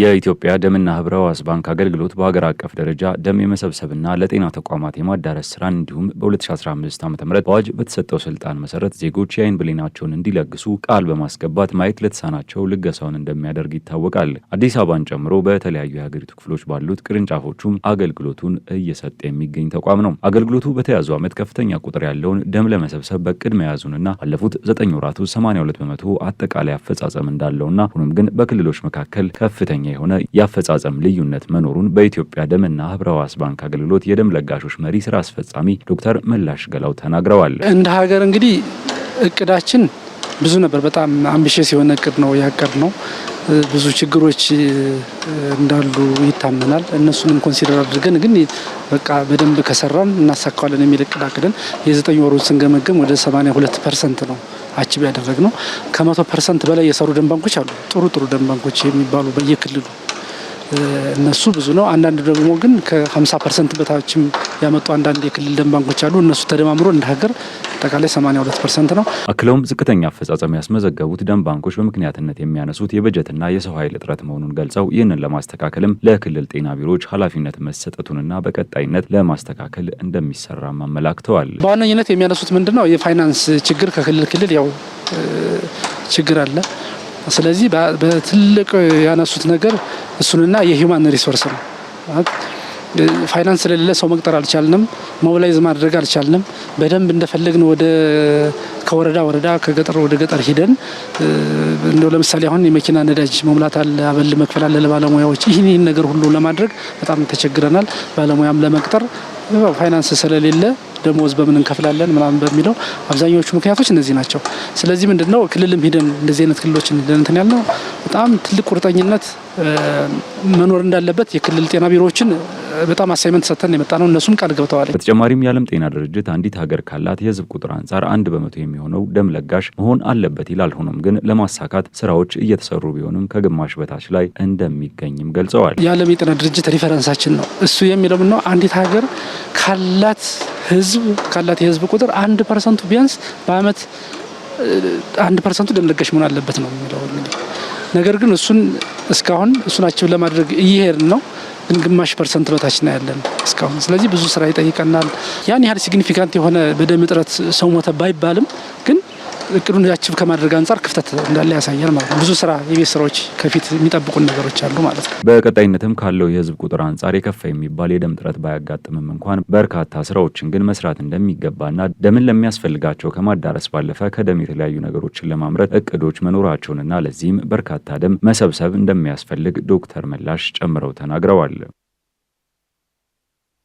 የኢትዮጵያ ደምና ህብረ ባንክ አገልግሎት በሀገር አቀፍ ደረጃ ደም የመሰብሰብና ለጤና ተቋማት የማዳረስ ስራን እንዲሁም በ2015 ዓ ም በአዋጅ በተሰጠው ስልጣን መሰረት ዜጎች የአይን ብሌናቸውን እንዲለግሱ ቃል በማስገባት ማየት ለተሳናቸው ልገሳውን እንደሚያደርግ ይታወቃል። አዲስ አበባን ጨምሮ በተለያዩ የሀገሪቱ ክፍሎች ባሉት ቅርንጫፎቹም አገልግሎቱን እየሰጠ የሚገኝ ተቋም ነው። አገልግሎቱ በተያዙ ዓመት ከፍተኛ ቁጥር ያለውን ደም ለመሰብሰብ በቅድ መያዙንና ባለፉት 9 ወራቱ 82 በመቶ አጠቃላይ አፈጻጸም እንዳለውና ሆኖም ግን በክልሎች መካከል ከፍተኛ ከፍተኛ የሆነ የአፈጻጸም ልዩነት መኖሩን በኢትዮጵያ ደምና ህብረ ህዋስ ባንክ አገልግሎት የደም ለጋሾች መሪ ስራ አስፈጻሚ ዶክተር መላሽ ገላው ተናግረዋል። እንደ ሀገር እንግዲህ እቅዳችን ብዙ ነበር። በጣም አምቢሽስ የሆነ እቅድ ነው ያቀድ ነው። ብዙ ችግሮች እንዳሉ ይታመናል። እነሱንም ኮንሲደር አድርገን ግን በቃ በደንብ ከሰራን እናሳካዋለን የሚል እቅድ አቅደን የዘጠኝ ወሩን ስንገመገም ወደ 82 ፐርሰንት ነው አችብ ያደረግ ነው። ከመቶ ፐርሰንት በላይ የሰሩ ደንባንኮች አሉ። ጥሩ ጥሩ ደንባንኮች የሚባሉ በየክልሉ እነሱ ብዙ ነው። አንዳንድ ደግሞ ግን ከ50 ፐርሰንት በታችም ያመጡ አንዳንድ የክልል ደን ባንኮች አሉ። እነሱ ተደማምሮ እንደ ሀገር አጠቃላይ 82 ፐርሰንት ነው። አክለውም ዝቅተኛ አፈጻጸም ያስመዘገቡት ደን ባንኮች በምክንያትነት የሚያነሱት የበጀትና የሰው ኃይል እጥረት መሆኑን ገልጸው ይህንን ለማስተካከልም ለክልል ጤና ቢሮዎች ኃላፊነት መሰጠቱንና በቀጣይነት ለማስተካከል እንደሚሰራ አመላክተዋል። በዋነኝነት የሚያነሱት ምንድን ነው? የፋይናንስ ችግር ከክልል ክልል ያው ችግር አለ ስለዚህ በትልቅ ያነሱት ነገር እሱንና የሂውማን ሪሶርስ ነው። ፋይናንስ ስለሌለ ሰው መቅጠር አልቻልንም፣ ሞቢላይዝ ማድረግ አልቻልንም። በደንብ እንደፈለግን ወደ ከወረዳ ወረዳ ከገጠር ወደ ገጠር ሂደን እንደው ለምሳሌ አሁን የመኪና ነዳጅ መሙላት አለ፣ አበል መክፈል አለ ለባለሙያዎች። ይህን ይህን ነገር ሁሉ ለማድረግ በጣም ተቸግረናል። ባለሙያም ለመቅጠር ፋይናንስ ስለሌለ ደሞዝ በምን እንከፍላለን ምናምን በሚለው አብዛኛዎቹ ምክንያቶች እነዚህ ናቸው። ስለዚህ ምንድን ነው ክልልም ሂደን እንደዚህ አይነት ክልሎችን ሂደንትን ያልነው በጣም ትልቅ ቁርጠኝነት መኖር እንዳለበት የክልል ጤና ቢሮዎችን በጣም አሳይመንት ሰጥተን የመጣ ነው። እነሱም ቃል ገብተዋል። በተጨማሪም የዓለም ጤና ድርጅት አንዲት ሀገር ካላት የህዝብ ቁጥር አንጻር አንድ በመቶ የሚሆነው ደም ለጋሽ መሆን አለበት ይላል። ሆኖም ግን ለማሳካት ስራዎች እየተሰሩ ቢሆንም ከግማሽ በታች ላይ እንደሚገኝም ገልጸዋል። የዓለም የጤና ድርጅት ሪፈረንሳችን ነው። እሱ የሚለው ምነው አንዲት ሀገር ካላት ህዝብ ካላት የህዝብ ቁጥር አንድ ፐርሰንቱ ቢያንስ በአመት አንድ ፐርሰንቱ ደም ለጋሽ መሆን አለበት ነው የሚለው። ነገር ግን እሱን እስካሁን እሱን አችብ ለማድረግ እየሄድን ነው፣ ግን ግማሽ ፐርሰንት በታች ነው ያለን እስካሁን። ስለዚህ ብዙ ስራ ይጠይቀናል። ያን ያህል ሲግኒፊካንት የሆነ በደም እጥረት ሰው ሞተ ባይባልም ግን እቅዱን ያችብ ከማድረግ አንጻር ክፍተት እንዳለ ያሳያል ማለት ነው። ብዙ ስራ የቤት ስራዎች ከፊት የሚጠብቁን ነገሮች አሉ ማለት ነው። በቀጣይነትም ካለው የህዝብ ቁጥር አንጻር የከፋ የሚባል የደም ጥረት ባያጋጥምም እንኳን በርካታ ስራዎችን ግን መስራት እንደሚገባና ደምን ለሚያስፈልጋቸው ከማዳረስ ባለፈ ከደም የተለያዩ ነገሮችን ለማምረት እቅዶች መኖራቸውንና ለዚህም በርካታ ደም መሰብሰብ እንደሚያስፈልግ ዶክተር መላሽ ጨምረው ተናግረዋል።